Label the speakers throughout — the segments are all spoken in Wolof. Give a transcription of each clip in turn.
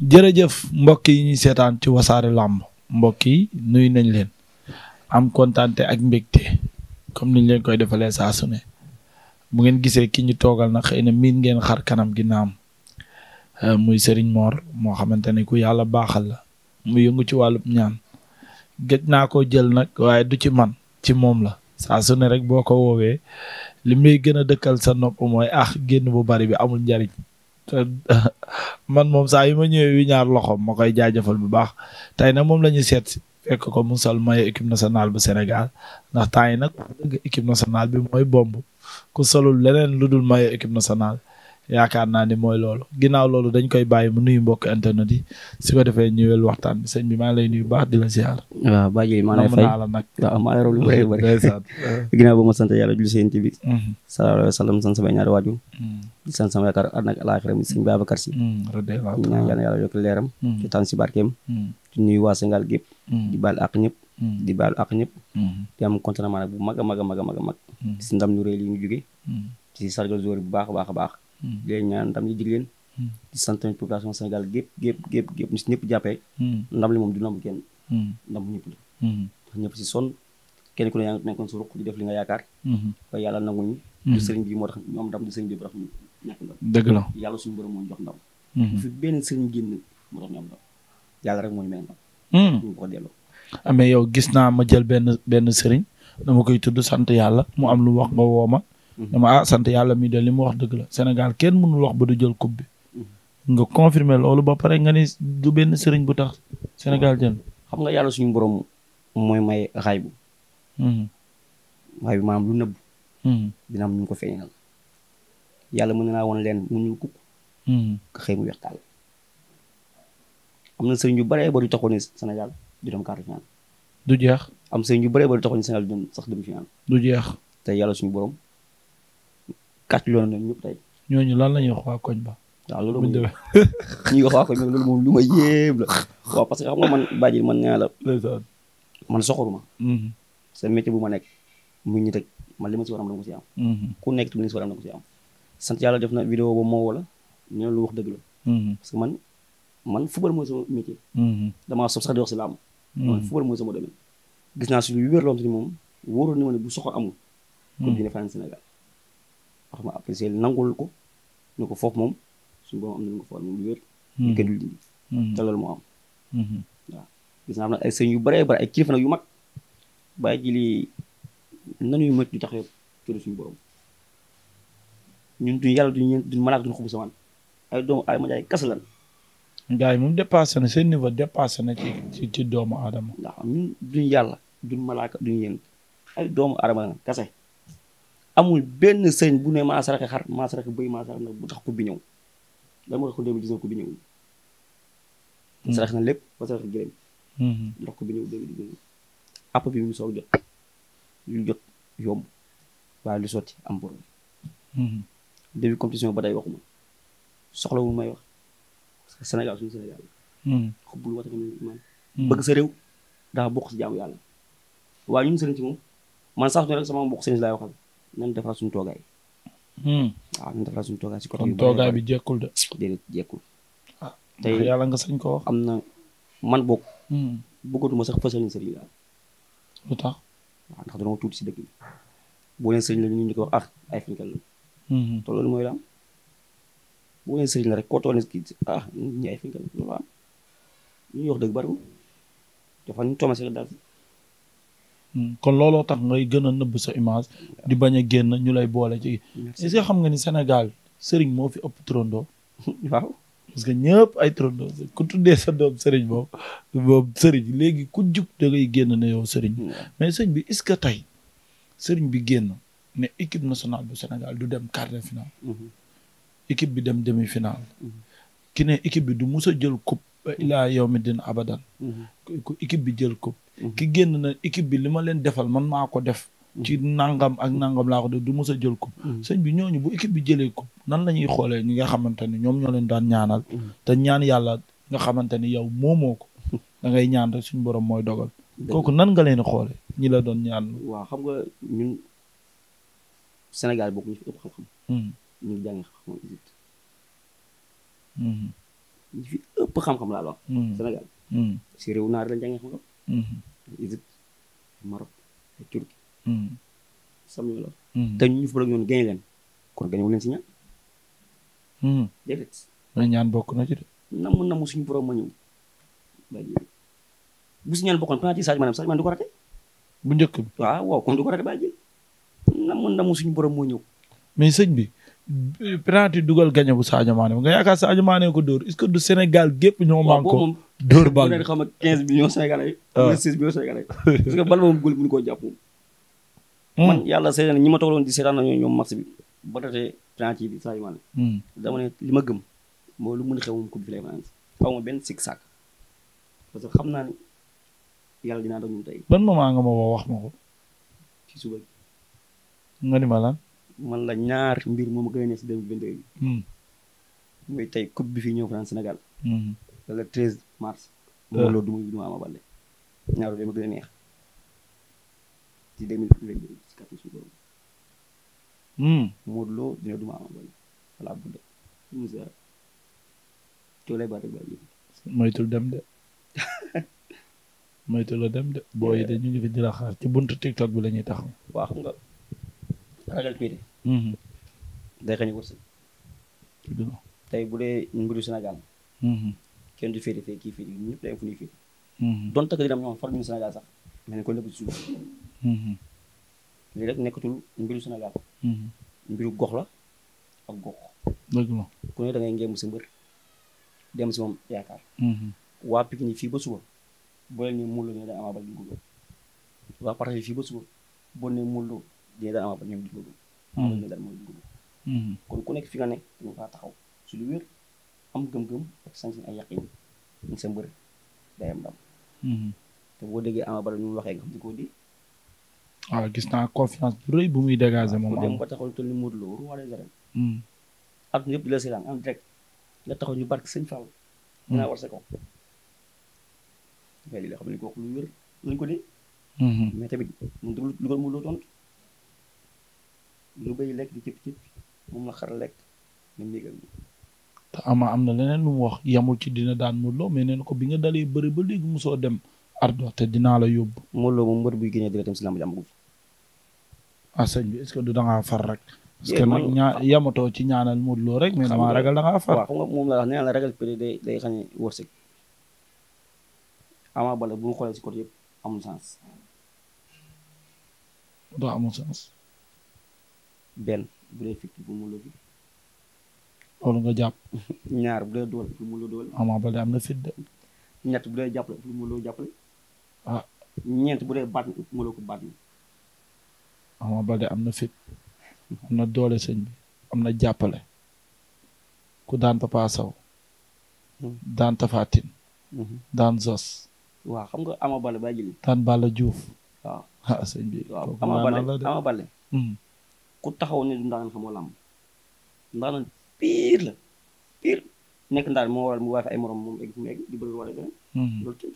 Speaker 1: jërëjëf mbokk yi ñuy seetaan ci wasaare làmb mbokk yi nuyu nañ leen am kontaante ak mbégte comme niñ leen koy defalee saa su ne ngeen gisee ki ñu toogal na xëy na miin ngeen xar kanam gi naam euh, muy Serigne Mor moo xamante ne ku yàlla baaxal la mu yëngu ci wàllum ñaan gëj naa ko jël nag waaye du ci man ci moom la saa su rek boo ko woowee li muy gën a dëkkal sa nopp mooy ah génn bu bari bi amul njariñ man moom saa yu ma ñëwee wi ñaar loxo moo koy jaajëfal bu baax tey nag moom la ñuy seet si fekk ko mu sol maillot équipe nationale bu Sénégal ndax temps yi nag équipe nationale bi mooy bombu ku solul leneen lu dul maillot équipe nationale yaakaar naa ni mooy loolu ginnaaw loolu dañ koy bàyyi mu nuyu mbokk internet yi su ko defee ñëwel waxtaan bi sëñ bi maa lay nuyu baax di la
Speaker 2: ba ma sant yàlla julli seen bi. Mm-hmm. sallallahu alayhi wa sallam sant sama ñaari waajur. Mm-hmm. di sant sama yaakaar àddina ak alaaxira mi sëñ Si. radiyallahu anhu ñaan yàlla yokk leeram. Mm-hmm. ci si barkeem. di nuyu waa Sénégal gépp di baal ak ñëpp. di baal ak bu mag a mag a mag a mag. si ndam lu rëy bu baax a baax a baax Hmm. di leen ñaan ndam yi jigéen hmm. di sant population Sénégal gépp gépp gépp gépp ñu si ñëpp jàppee hmm. ndam li moom du ndam kenn ndam ñëpp la ndax ñëpp si sonn kenn ku ne yaa ngi nekkoon su ruq di def li nga yaakaar waaye yàlla nanguñu du ndam du suñu borom moo jox ndam bu fi benn sëriñ ndam yàlla rek ko delloo
Speaker 1: amee ah, yow gis naa ma jël benn sëriñ dama koy tudd sant yàlla mu am lu wax nga woo Mhm. dama ah sant yàlla mi de li mu wax dëgg la Sénégal kenn mënul wax ba du jël coupe bi. Mhm. nga confirmer loolu ba pare nga ni du benn sëriñ bu tax Sénégal jël.
Speaker 2: xam nga yàlla suñu borom mooy may xaay bu.
Speaker 1: xaay
Speaker 2: mhm. bu maanaam lu nëbb. dina am ñu ko feeñal. yàlla mën naa woon leen mu ñuul kukk. nga xëy mu weex tàll. am na sëriñ yu bëree ba du taxoon ni Sénégal du dem quart de finale. du jeex. am sëriñ yu bëree ba du taxoon ni Sénégal du jeex. te yàlla suñu borom kàcc loolu nañ ñëpp tey.
Speaker 1: ñooñu lan la ñuy wax waa koñ ba. waaw loolu moom ba
Speaker 2: loolu moom lu ma yéem la. waaw parce que xam nga man bàjjil man nee la. man soxoruma. Mm-hmm. sa métier bu ma nekk mu ñu teg man li ma si war a dama ko si am. Mm-hmm. ku nekk tamit li ma si war am ko si am. sant def na vidéo ba moo wala ñu lu wax la. Mm-hmm. parce que man man football mooy sama métier. damaa sob sax di wax gis naa si lu wér loo xam te ni moom wóoroon na ma ne bu soxor amul. kon dina fanaan Sénégal. wax ma apprécier nangul ko ne ko foofu moom suñu borom am na lu nga fa moom hmm. du dindi hmm. te loolu moo am hmm. waaw gis am na ay sëñ yu bare bare ay kilifa nag yu mag bàyyi ji lii nanuyu mët ñu taxee tudd suñu borom ñun duñ yàlla duñ duñ malaak duñ xubu ay doomu ay ma jaay kas lan
Speaker 1: Njaay moom dépassé na seen niveau dépassé na ci doomu aadama. ndax ñun duñ yàlla
Speaker 2: duñ malaaka duñ yéen ay doomu aadama kase amul benn sëñ bu ne maa saraxe xar maa saraxe bëy maa saraxe nag bu tax ku bi ñëw lan moo tax ku dem gis ku bi ñëw. Hmm. sarax na lépp ba sarax gërëm. ndax hmm. ku bi ñëw dem di app bi mu soog jot lu jot yomb waaye lu sotti am borom. Hmm. début compétition ba day waxuma soxlawul may wax parce que Sénégal suñu Sénégal la. xubbul wata iman bëgg sa réew daa bokk si jaamu yàlla. waaye ñun sëriñ ci moom man sax ñu rek sama mbokk sëriñ laay waxal. nan defar suñu toogaay. Hmm. waaw nan defar suñu toogaay si côté. kon toogaay bi
Speaker 1: jekkul de. déedéet jekkul. ah tey
Speaker 2: nga sañ ko wax. am na man boog. Hmm. bëggatuma sax fësal ni sëriñ la. lu tax. waaw ndax dina ma tuuti si dëkk ko wax ah ay finkal la. Hmm. te loolu mooy la am. boo leen sëriñ la rek koo toll nii ah la loolu am. ñu dëgg bariwul dafa ñu tomasee la daal.
Speaker 1: Hmm. kon looloo tax ngay gën a nëbb sa image di bañ a génn ñu lay boole ci. est-ce xam nga ni Sénégal sëriñ moo fi ëpp trondo waaw parce que ñëpp ay turandoo ku tuddee sa doom sëriñ boobu boobu léegi ku jub da génn ne yow sëriñ. Hmm. mais sëriñ bi est-ce que tey sëriñ bi génn ne équipe nationale bu Sénégal du dem quart de finale. Hmm. bi dem demi-finale. ki ne équipe bi du mus jël coupe. ilaa yawmi din abadan mm-hmm. ku équipe bi jël ko mm-hmm. ki génn na équipe bi li ma leen defal man maa ko def mm-hmm. ci nangam ak nangam laa ko def du mos jël ko sëñ bi ñooñu bu équipe bi jëlee ko nan la ñuy xoolee ñi nga xamante ne ñoom ñoo leen daan ñaanal te ñaan yàlla nga xamante ni yow moomoo ko da ngay suñu borom mooy dogal kooku nan nga leen xoolee
Speaker 2: ñi la doon ñaan waaw xam nga ñun Sénégal ñi fi ëpp xam-xam laa la wax. Hmm. Sénégal. Hmm. si réew naar lañ jàngee xam-xam. Hmm. Égypte Maroc ak Turquie. sam ñu la te ñu ñu fa bëgg ñoon gañe leen
Speaker 1: kon gañewu leen si ñaan. déedéet. mais ñaan bokk na ci de. namu namu
Speaker 2: suñu borom ma ñëw. bu si ñaan bokkoon penalty Sadio Mané Sadio Mané du ko raté.
Speaker 1: bu njëkk bi waaw waaw kon du ko raté bàyyi jël. namu namu suñu borom moo ñëw. mais sëñ bi. penalty dugal gañe bu Sadio Mané nga yaakaar Sadio Mané ko dóor est-ce que du Sénégal gépp ñoo man ko dóor bal bi xam nga 15 millions Sénégalais. Ah. que bal
Speaker 2: ñu ko jàpp. Hmm. man yàlla seetaan ñi ma toogoon di seetaan nañu ñoom match bi ba tatee penalty bi Sadio Mané. Hmm. dama ne li ma gëm mooy lu mu mën a xew moom coupe bi lay xaw ma benn sikk sàkk parce que xam naa ne yàlla dinaa doon ñun tey.
Speaker 1: ban moment nga ma wax ma ko. ci suba nga ni ma lan.
Speaker 2: man la ñaar mbir moom gën a neex si bi. mooy hmm. tey coupe bi fi ñëw France Sénégal. Hmm. le 13 mars. Modou Lo du muy du a neex ci 2022 bi
Speaker 1: moytul dem de moytul dem de. booy de ñu ngi fi di xaar ci buntu TikTok bi lañuy tax ragal féete mhm.
Speaker 2: day bu dee mbiru Sénégal mhm. kenn du féete fee kii féete ñun ñëpp day am fu ñuy féete mhm. donte que dina am ñoom far ñu Sénégal sax mais nañ ko lépp ci suuf
Speaker 1: lii
Speaker 2: rek nekkatul mbiru Sénégal mbiru gox la ak gox dëgg la ku ne da ngay ngéem mbër dem si moom yaakaar waa Pikine fii ba suba boo leen ne mullo ne dañ amaa bal ñu waa Parcelles fii ba suba boo ne mullo dinañ daan am ba ñoom di gudd. moom la ñu mooy di gudd. kon ku nekk fi nga nekk dañu faa taxaw su lu wér am gëm-gëm ak sañ-sañ ay yaqin ñu sa mbër day am ndam. Hmm. te boo déggee Ama Baldé ñu waxee nga xam ne koo di.
Speaker 1: waaw ah, gis naa confiance bu rëy bu muy dégager moom. dem ba
Speaker 2: taxaw toll ni Modou Lo roi des arènes. Hmm. ak ñëpp di la seetaan en direct nga taxaw ñu barke sëñ Fall. Hmm. dinaa war sa kaw. waaye li nga xam ne kooku lu wér lañ ko dee. mais tamit mu dul lu ko mu loo tontu. lu bay lekk di cip cip
Speaker 1: moom la xar lekk ni ndigal am na leneen lu mu wax yamul ci dina daan Modou Lo mais neen ko bi nga dalee bëri ba léegi mosoo dem ardo te dinaa la yóbbu Modou Lo moom mbër buy génnee dina dem si lamb ji amagu fi ah sëñ bi est-ce que du dangaa far rek ñaa ah. yamatoo ci ñaanal Modou Lo rek moom la wax
Speaker 2: nee la day day xam ne wërsëg Ama Baldé yëpp amul sens doo benn bu dee fitt bu
Speaker 1: mu la
Speaker 2: ñaar bu dee doole lu mu la doole Ama am na fit de ñett bu dee jàppale ah ñeent bu dee baat mu la
Speaker 1: na am na fit am na doole sëñ bi am na jàppale ku daan Papa hmm. daan Tapha hmm. daan Zos xam nga Ama daan Balla Diouf waaw ah, sëñ bi waaw Ama Baldé
Speaker 2: Ama hmm. Baldé ku taxaw ne du ndaanaan xamoo làmb ndaanaan pire la pire nekk ndaan moo waral mu waay fa ay morom moom egg fu egg di bëgg wala beneen mm-hmm. loolu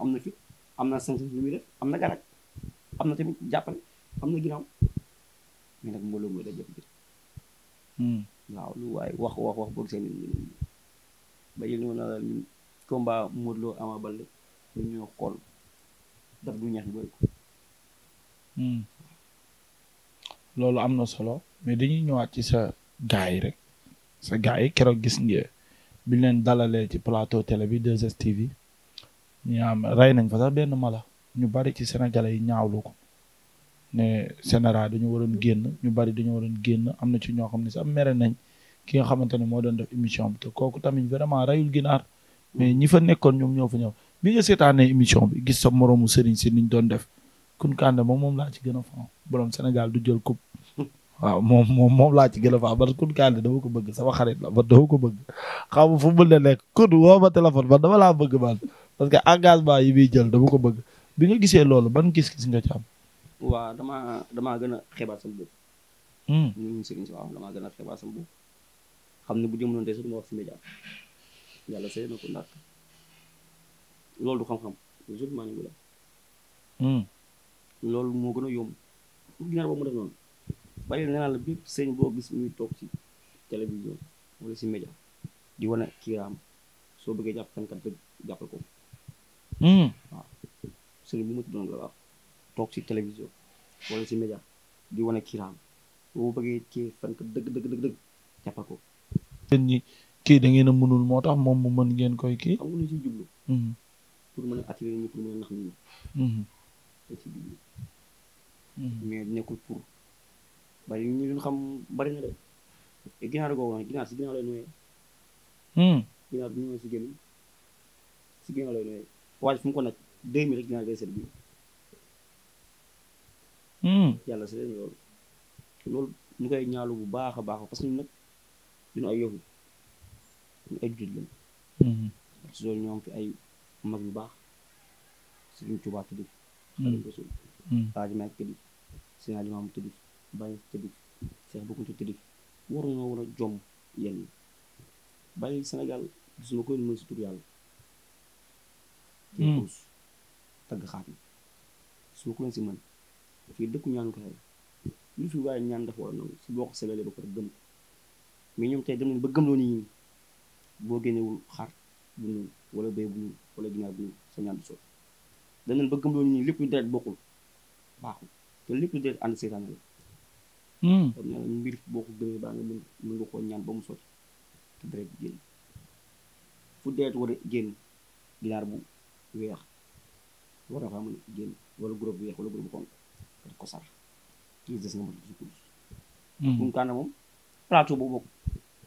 Speaker 2: am na fi am na sant lu muy def am na garak am na tamit jàppale am na mi mais nag mbooloo mooy da jëf jëf waaw lu waaye wax wax wax boog seen nit ba yëg na la ñun combat Modou Lo Ama Baldé ñu ñoo xool daf du ñeex
Speaker 1: loolu am na solo mais dañuy ñëwaat ci sa gars yi rek sa gars yi keroog gis nga biñ leen dalalee ci plateau télé bi 2STV ñaam ray nañ fa sax benn mala ñu bari ci sénégalais yi ñaawlu ko ne Sénégal dañu waroon génn ñu bari dañu waroon génn am na ci ñoo xam ne sax mere nañ ki nga xamante ne moo doon def émission bi te kooku tamit vraiment rayul ginaar mais ñi fa nekkoon ñoom ñoo fa ñëw bi nga seetaanee émission bi gis sa moroom sëriñ si niñ doon def Kounkandé moom moom laa ci gën a faaw borom Sénégal du jël coupe moom moom moom laa ci gën a faaw man Kounkandé dama ko bëgg sama xarit la man dama ko bëgg xaw ma fu mu ne nekk kon woo ma téléphone man laa bëgg man parce que engagement yi muy jël dama ko bëgg bi nga gisee loolu ban gis-gis nga ci am.
Speaker 2: waaw damaa gën a xibaar sama bopp. ñun hmm. sëriñ si waaw damaa a xibaar sama bopp xam ne bu jëmoon tey sax ma wax si média yàlla sëy na ko ndax loolu du xam-xam musulmaan bu la hmm. loolu moo gën a yomb pour ginaar boobu mu def noonu bàyyi nee naa la bépp sëñ boo gis muy toog ci télévision wala si meja di wane kiiraam soo bëggee jàpp fenkat dëgg jàppal ko hmm. bu mu tuddoon la toog ci télévision wala ci di wane kiiraam boo bëggee kii fenkat dëgg dëgg dëgg dëgg jàppal ko
Speaker 1: yéen da ngeen a mënul moo tax moom mu mën ngeen koy kii
Speaker 2: xam ko ci biir. mais nekkul pour bari ñu doon xam bari na de te ginaar googu nag ginaar hmm. waaye fu ko nag deux mille rek ginaar day seet biir. Hmm. yàlla si leen loolu loolu ñu koy ñaalu bu baax a baax parce que ñun nag duñu ay yofu ñu ay jullit lañ. Hmm. si loolu ñoo fi ay mag yu baax si luñ tubaab tudd. xale hmm. hmm. ko a jom yenn yi bàyyi Sénégal gisuma koy mën si tur yàlla jëus hmm. tagg xaat yi gisuma ko leen si mën fii dëkku ñaanu ko xel lu fi waaye ñaan dafa war a nangu si boo ko selalee ba pare gëm ko mais ñoom tey dem nañ ba gëmloo ni ñi boo génnewul xar bu ñuul wala béy bu ñuul wala ginaar bu ñuul sa ñaan du sotti danañ ba gëmloo ñu lépp lu deret bokkul baaxul te lépp lu deret ànd seytaane la hmm. kon mbir boo ko gëmee baa nga mën mën nga koo ñaan ba mu sotti te deret bi génn fu deret war génn bilaar bu weex war a faa mën génn wala groupe weex wala groupe bu xonk nga ko sar kii des nga mën a sukkandiku. bu mu moom plateau bokk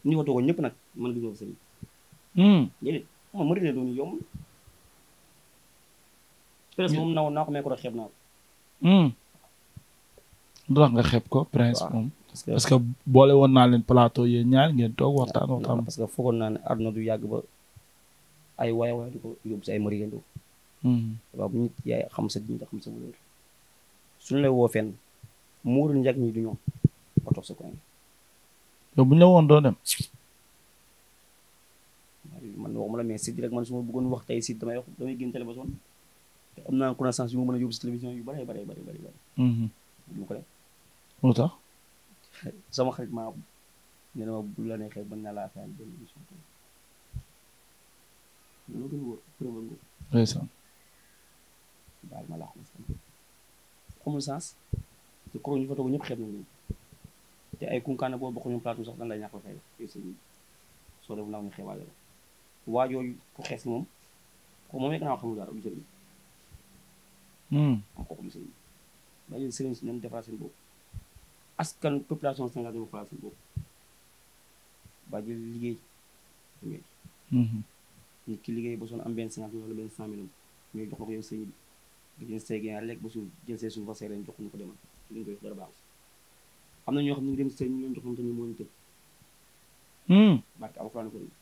Speaker 2: ñu ko ñëpp nag man gi ñoo ko sëriñ. Hmm. déedéet xam nga mëri la doon Prince moom na naa ko mais ko doon xeeb naa ko.
Speaker 1: Hmm. lu tax nga xeeb ko Prince moom. parce que boole woon naa leen plateau yéen ñaar ngeen toog waxtaan waxtaan.
Speaker 2: parce que foogoon naa ne àdduna du yàgg ba ay waay hmm. xam sa diñ xam lay woo fenn muurul njëkk ñi du ñoom ba toog sa koñ.
Speaker 1: yow bu ñu la woon doo dem.
Speaker 2: man la mais si rek man su ma bëggoon wax tey si damay génn télé am naa connaissance yu ma mën a yóbbu si télévision yu bëree bëri bëri bëri bëri. Mhm. du ko def. lu tax. sama xarit maa ko nee na ma bu la neexee mën naa laa fayal benn émission. loolu gën a wóor preuve nga.
Speaker 1: ndeysaan. baal ma laax
Speaker 2: amul sens. te koroog ñu fa toog ñëpp xeeb nañu te ay kunkaana boo bokk ñoom plateau sax dan lay ñàkk a fay yow sëñ bi soo def naaw ñu xeebaale la waa jooju ku xees moom moom rek naa xam dara du jëriñ.
Speaker 1: ak hmm. kooku sëriñ
Speaker 2: ba léegi sëriñ si nañ defar seen bopp askan population Sénégal dañu xoolaat seen bopp ba jël liggéey hmm. ki liggéey ba sonn am benn cinquante mille wala benn cent mille ñooy jox la ko yow sëriñ bi nga jël say ginaar lekk ba suuf jël say suuf ba jox ñu ko demal ñu ko jox dara baaxul am na ñoo xam ne ñu ngi dem sëriñ ñoom jox nañu moo ñu tëj hmm. barke alxuraan ko jox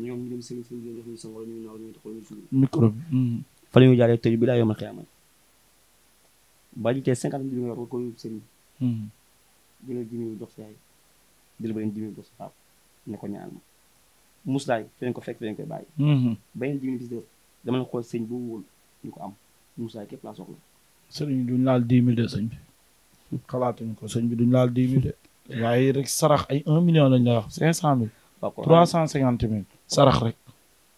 Speaker 2: ñu sang wala ñu naaw fa la ñuy jaaree tëju bi daa ma xiyaama baa ji tee cinquante mille nga war ko yóbbu sëriñ hmm. jox sa yaay jëlal beneen jimi jox ko ñaan ma muslaay fi hmm. de dama sëñ boobu wóolu ko am muslaay képp
Speaker 1: laa soxla sëriñ bi duñu laal mille de sëñ bi xalaatuñ ko sëñ bi du laal dix mille de waaye rek sarax ay un million lañ la wax cinq cent mille trois cent cinquante mille sarax rek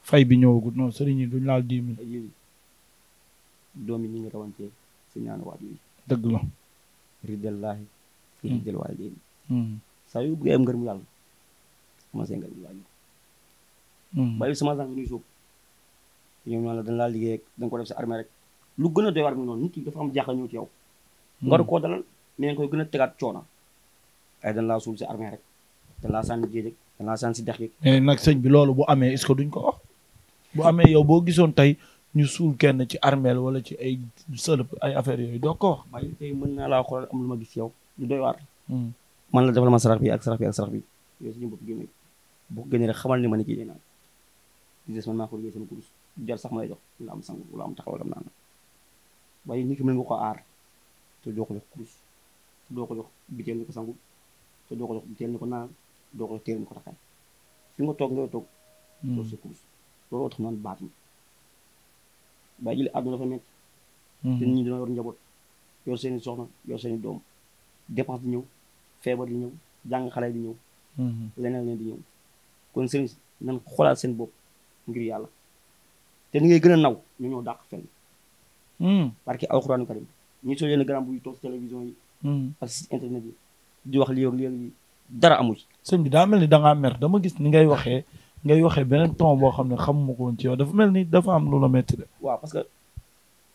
Speaker 1: fay bi ñëwagul non sëriñ yi duñu laal dix mille
Speaker 2: doom yi ni ñu rawantee si ñaanu waajur yi dëgg la ridallaahi fi hmm. ridal waalidayni hmm. saa yu bëggee am ngërëm yàlla commencé ngërëm waajur hmm. bàyyi semence daa nuy suuf ñoo la dañ laa liggéey rek ko def lu gën a doy war mi noonu nit ki dafa am jaaxle ñëw yow nga war koo dalal mais nga koy gën a tegaat coona ay dañ laa suul si armée rek dañ laa sànni géej rek dañ si dex
Speaker 1: eh, nag sëñ bi loolu boo amee est-ce duñ ko wax amee yow boo gisoon tey ñu suul kenn ci armeel wala ci ay sëlëb ay affaire yooyu doo ko wax. waaye mën naa laa xoolal am lu ma gis yow lu dooy waar. Hmm.
Speaker 2: man la defal ma sarax bi ak sarax bi ak sarax bi yooyu suñu bopp génne bu ko rek xamal ni ma ne kii day naan di man maa ko liggéey sama kurus sax ma lay jox la am sangu la am taxawal am naan ki mën nga ko aar doo ko doo ko jox te doo ko jox naan doo ko ko takkaay fi nga toog nga toog. Hmm. doo sa kurus baat bàyyi jëli àdduna dafa nekk te mhm. nit ñi dina yor njaboot yor seen i soxna yor seen doom dépense di ñëw feebar di ñëw jàng xale di ñëw mhm. leneen leen di ñëw kon sëriñ si nan xoolaat seen bopp ngir yàlla te ni ngay gën a naw ñu ñoo dàq fenn parce mhm. que alxuraanu karim ñi sol yenn grand bu yi toog si télévision yi ak si internet yi di wax lii
Speaker 1: ak lii ak dara amu ci sëñ bi daa mel ni dangaa mer dama gis ni ngay waxee ngay waxee beneen ton boo xam ne xamuma ko woon ci yow dafa mel ni dafa am lu la métti de.
Speaker 2: waaw parce que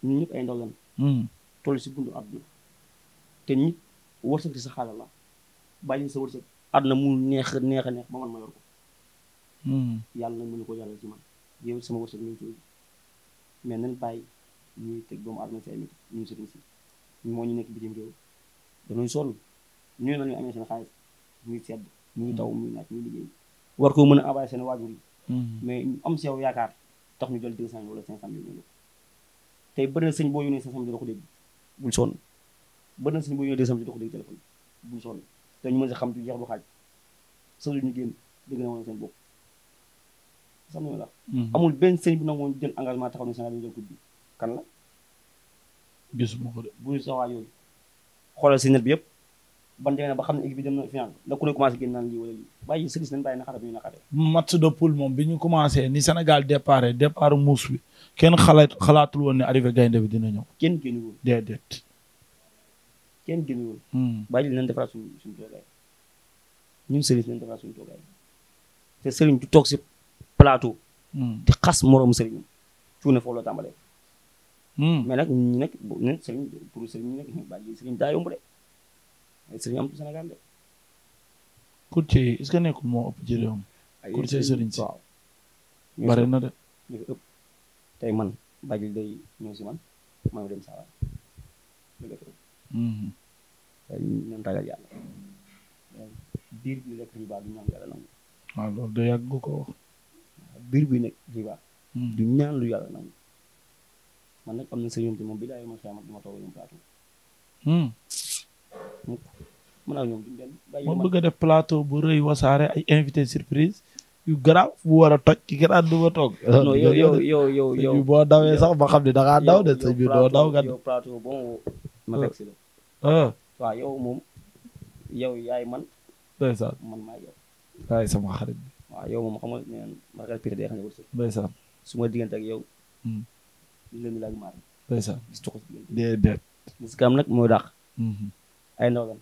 Speaker 2: ñun ñëpp ay ndaw lañ. Hmm. toll si buntu àdduna te nit wërsëg di sa xaalis la bàyyi sa wërsëg àdduna mu neex neex a neex ba man ma yor ko. Hmm. yàlla na mënu ko yàlla ci man sama wërsëg ñu ngi ci mais nañ bàyyi ñuy teg doomu aadama si ay métti moo ñu nekk bitim réew dañuy sonn ñu ne la ñu amee seen xaalis ñuy taw ñuy liggéey. war koo mën a envoyé seen waajur yi hmm. mais am si yow yaakaar tax ñu jël deux cent wala cinq cent mille yónnee tey bëri na sëñ boo yónnee cinq cent mille doo ko dégg bul sonn bëri na sëñ boo yónnee deux téléphone bul sonn te ñu mën si xam du jeex du xaaj sa ñu génn dégg na woon seen bopp sax na la amul benn sëñ bu nangoon jël engagement taxaw ne Sénégal dañu jël coupe bi kan la bu ñu sa waajur
Speaker 1: xoolal si net bi yëpp
Speaker 2: ban demee ba xam ne équipe bi dem na final da ku ne commencé bi ñu
Speaker 1: naxaree ni Sénégal départ départ muus kenn xalaat xalaatul woon ne arrivé gaynde bi dina ñëw
Speaker 2: kenn kenn génnuwul hmm. bàyyi li nañ defaraat suñu suñu toogaay ñun sëriñ nañ defaraat suñu toogaay te sëriñ du toog si plateau hmm. di xas moroom sëriñ cuune foofu la tàmbalee hmm. mais nag ñu nag sëriñ pour sëriñ ñu nag bàyyi sëriñ daa yomb de ay sëriñ am Sénégal de.
Speaker 1: courtier yi est-ce que nekkul moo ëpp ci réew mi. ay courtier si bare na de.
Speaker 2: ñu ngi ëpp tey man bàjj day ñëw si man maa ngi dem saa bi nekk riba du ñaan yàlla nangu. waaw ah, de yàgg ko wax. bi nekk riba. Mm-hmm. du ñaan lu yàlla nangu. man nag am na sëriñ moom bi daay ma xiyaamat du ma toog ñoom plateau. Mm-hmm. mën naa ñoom duñ benn.
Speaker 1: moom bëgg a def plateau bu rëy wasaare ay invité surprise yu garaaw bu war a toj ki gën a ànd ba toog. non yow yow yow yow yow boo dawee sax ba xam ne da ngaa daw de sëñ bi doo daw nga.
Speaker 2: yow plateau bon ma ah. fekk si la. Ah. waaw yow moom yow yaay man. ndeysaan man maa yow.
Speaker 1: yaay sama xarit bi.
Speaker 2: waaw yow moom xam nga nee naan marquage période day xam ne wut si. ndeysaan su ma diggante ak yow. Hmm. lënd la ak maar.
Speaker 1: ndeysaan gis nga ko si diggante. déedéet.
Speaker 2: muskaam nag moo dàq. Hmm. ay ndaw lañ.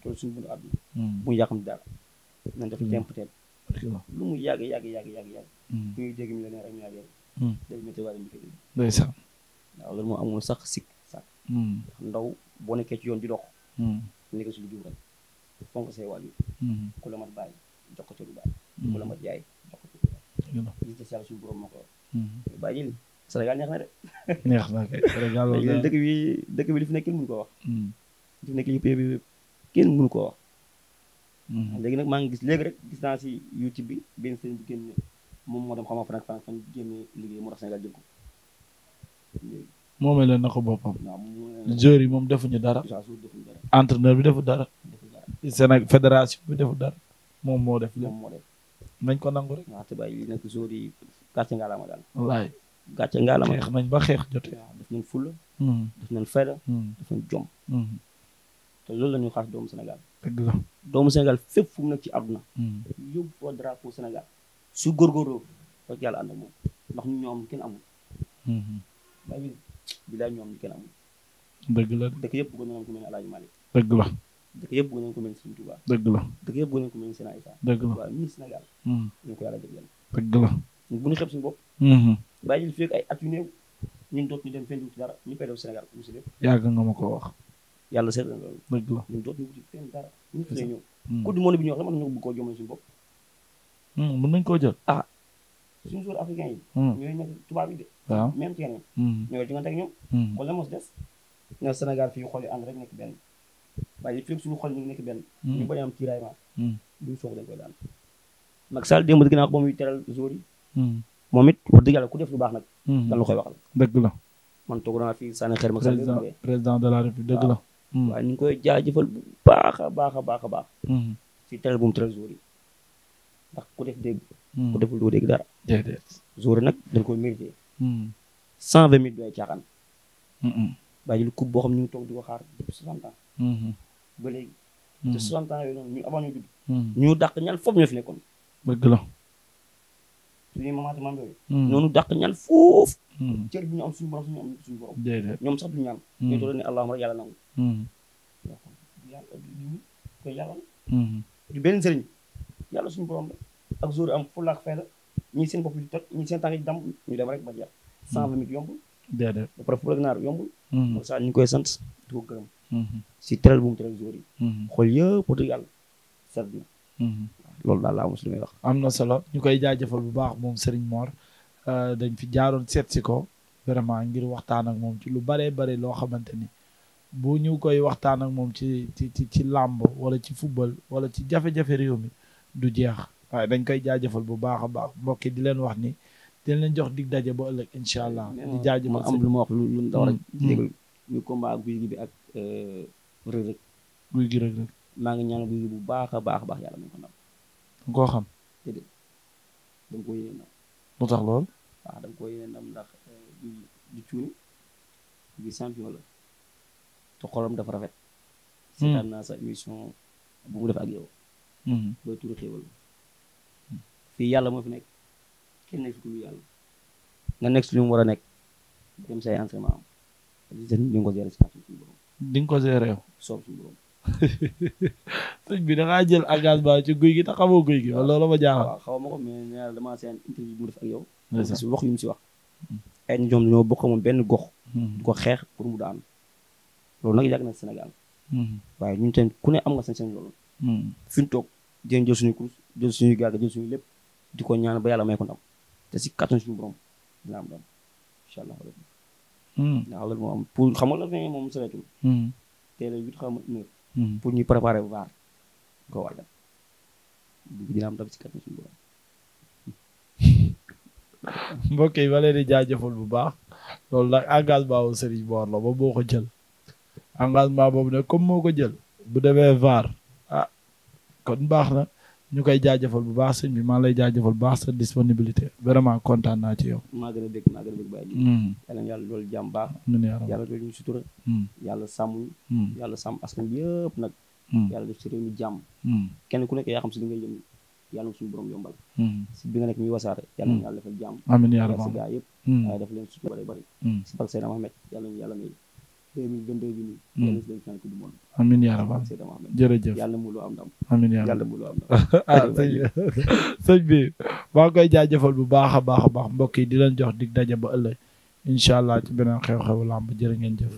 Speaker 2: toll suñu mbiru àdduna. bu ñu yàqam dara. nañ def temp hmm. temp. lu mu yàgg yàgg yàgg yàgg bu hmm. ñuy dégg millionnaire ak milliardaire. Hmm. day métti wala mu koy dégg. waaw loolu moo amul sax sikk sax. ndaw boo nekkee ci yoon di dox. nekk si lu rek fonk say waajur. la mat bàyyi jox ko ci lu baax. ku la mat yaay jox ko ci
Speaker 1: lu baax. li
Speaker 2: neex na de. neex
Speaker 1: na kay Sénégal dëkk
Speaker 2: bi dëkk bi li fi nekk kenn mënu ko wax. di nekk li pay bi kenn mënu koo wax. Mhm. léegi nag maa ngi gis léegi rek gis naa si YouTube bi benn sëriñ bi génne moom moo dem xaw ma fan ak fan fan génne liggéey mu tax Sénégal jël ko.
Speaker 1: moomee leen na ko boppam. waaw joueur yi moom defuñu dara. entraîneur bi defu dara. Sénégal fédération bi defu dara. moom moo def lépp nañ ko nangu rek. waaw te bàyyi li nekk joueur
Speaker 2: yi gàcce ngaalama daal. wallaay gàcce ngaalama xeex
Speaker 1: nañ ba xeex jotee. def nañ fulla. Mhm.
Speaker 2: def nañ fayda. Mhm. def nañ jom. te loolu la ñuy xaar doomu Sénégal. dëgg la doomu Sénégal fépp fu mu nekk ci àdduna. Hmm. yóbbu ko drapeau Sénégal su góorgóorloo rek yàlla ànd ak moom ndax ñu ñoom kenn amul.
Speaker 1: maa hmm.
Speaker 2: ngi bilaay amul. dëgg la dëkk yëpp bëgg nañ ko mel ni El Hadj Malick. yëpp bëgg nañ ko mel ni Serigne Touba. dëgg la dëkk yëpp bëgg nañ ko mel ni Sénégal. dëgg hmm. Sénégal. ñu ko yàlla dëggal. dëgg la bu ñu xeeb suñu bopp. bàyyi ñu fekk ay at yu néew ñun dootuñu dem fenn ci ñu koy def Sénégal. yàgg nga ma ko wax. yàlla seet na loolu. dëgg la ñun dootuñu wuti fenn dara. ñëpp lay ñëw. coupe du monde bi ñu wax la mën nañu bëgg koo jëmale suñu bopp.
Speaker 1: Hmm, mën nañu koo jël. ah
Speaker 2: suñu joueur africain yi. Hmm. ñooy nekk tubaab yi de. waaw même terrain. Hmm. ñooy jongante ak ñoom. kon la mos des. na Sénégal fii xol yi ànd rek nekk benn waaye fépp suñu xol ñu ngi nekk benn. ñu bañ a am tiraillement. duñ soog dañ koy daan. Macky Sall démb gis naa ko ba muy teral joueur yi. moom it wax dëgg yàlla ku def lu baax nag. dañ la koy waxal. dëgg la man toog naa fii sànni xeer Macky Sall président de la République dëgg la. Mm. waaye ñu ngi koy jaajëfal bu baax a baax a baax a baax si teral bu mu teral jour yi ndax ku def dégg mm. ku deful doo dégg dara nag dañ koy mérité mm. cent vingt mille doy caaxaan bàyyi lu coupe boo xam ñu ngi toog di ko xaar depuis soixante ans mm-hmm. ba léegi mm-hmm. te soixante ans yooyu noonu ñu avant ñu judd mm-hmm. ñu dàq ñaan foofu ñoo fi nekkoon bëgg la suñuy mamaate maam yooyu noonu dàq ñaan foofu cër bi ñu am suñu borom suñu am suñu sax du ñaan ñooy ne allahumma rek yàlla nangu yoo xam ne yàlla ñu koy yàllal du benn sëriñ yàlla la ak jour am fulla ak fayda ñii seen bopp di toj ñii seen tànk yi dam ñu dem rek ba jeex hmm. cent vingt mille yombul déedéet ba pare fulla ginaar yombul hmm. ñu koy sant
Speaker 1: di ko hmm.
Speaker 2: si teral bu mu teral jour yi xool yëpp wax
Speaker 1: yàlla sedd loolu daal laa mos wax am na solo ñu koy jaajëfal bu baax moom Serigne Mor euh, dañ fi jaaroon seet si ko vraiment ngir waxtaan ak moom ci lu bare bare loo xamante ni boo ñu koy waxtaan ak moom ci ci ci làmb wala ci football wala ci jafe-jafe réew mi du jeex waaye dañ koy jaajëfal bu baax a baax mbokki di leen wax ni dina leen jox dig daje ba ëllëg incha allah. di jaajëfal am lu ma lu lu ndaw rek. dégg mm-hmm. ñu combat guy gi bi ak euh, rëg rëg. guy gi maa ngi ñaan guy gi bu
Speaker 2: baax a baax a baax yàlla nañ ko koo xam. déedéet da nga koo yéene nam. lu da nga koo te xolam dafa rafet. Hmm. seetaan naa sa émission bu mu def ak yow. Hmm. booy turu xéwal. Hmm. fii yàlla moo fi nekk kenn nekk fi yàlla nga nekk si li mu war a nekk dem say entraînement am di
Speaker 1: nga ko gérer si kàttan suñu borom. di nga ko gérer soob suñu borom. jël engagement ci guy gi te xamoo guy gi wala ma jaaxal. waaw
Speaker 2: xaw ma ko mais nee damaa seen interview bu mu def ak yow. wax yu mu si wax. ay ñoom dañoo bokk moom benn gox. di xeex pour mu daan. loolu nag yàgg na Sénégal hmm. waaye ñun tamit ku ne am nga seen seen loolu hmm. fi ñu toog dinañ jël suñu course jël suñuy lépp di ko ñaan ba yàlla may ko ndam te si kattan suñu borom dina am ndam hmm. am pour xam nga loolu a huit xam nga bu baax
Speaker 1: ko war def dina am ndam si kattan suñu borom mbokk yi ma bu baax loolu nag engagement wu Serigne Mor la ba boo ko engagement boobu nag comme moo ko jël bu demee VAR ah kon baax na ñu koy jaajëfal bu baax sëñ bi maa lay jaajëfal bu baax sa disponibilité vraiment kontaan naa ci yow.
Speaker 2: maa gën a dégg maa hmm. yàlla na yàlla loolu jàmm yàlla loolu ñu sutura. Hmm. yàlla sàmm. Hmm. yàlla sàmm askan nag. yàlla def ci jàmm. kenn ku xam si li ngay jëm yàlla suñu borom yombal. bi nga nekk ñuy wasaare. yàlla na yàlla defal jàmm. amiin si gaa yëpp. daf leen sutura bari bari. si barke Seydina Mohamed yàlla 2022 hmm. bi nii. yàlla si leen du monde. amiin yaa rabbal jërëjëf yàlla mu lu am ndam. amiin yaa
Speaker 1: rabbal yàlla mu ah, bi maa ngi jaajëfal bu baax a baax a baax mbokk yi di leen jox dig daje ba ëllëg incha allah ci beneen xew-xewu làmb jërë ngeen jëf.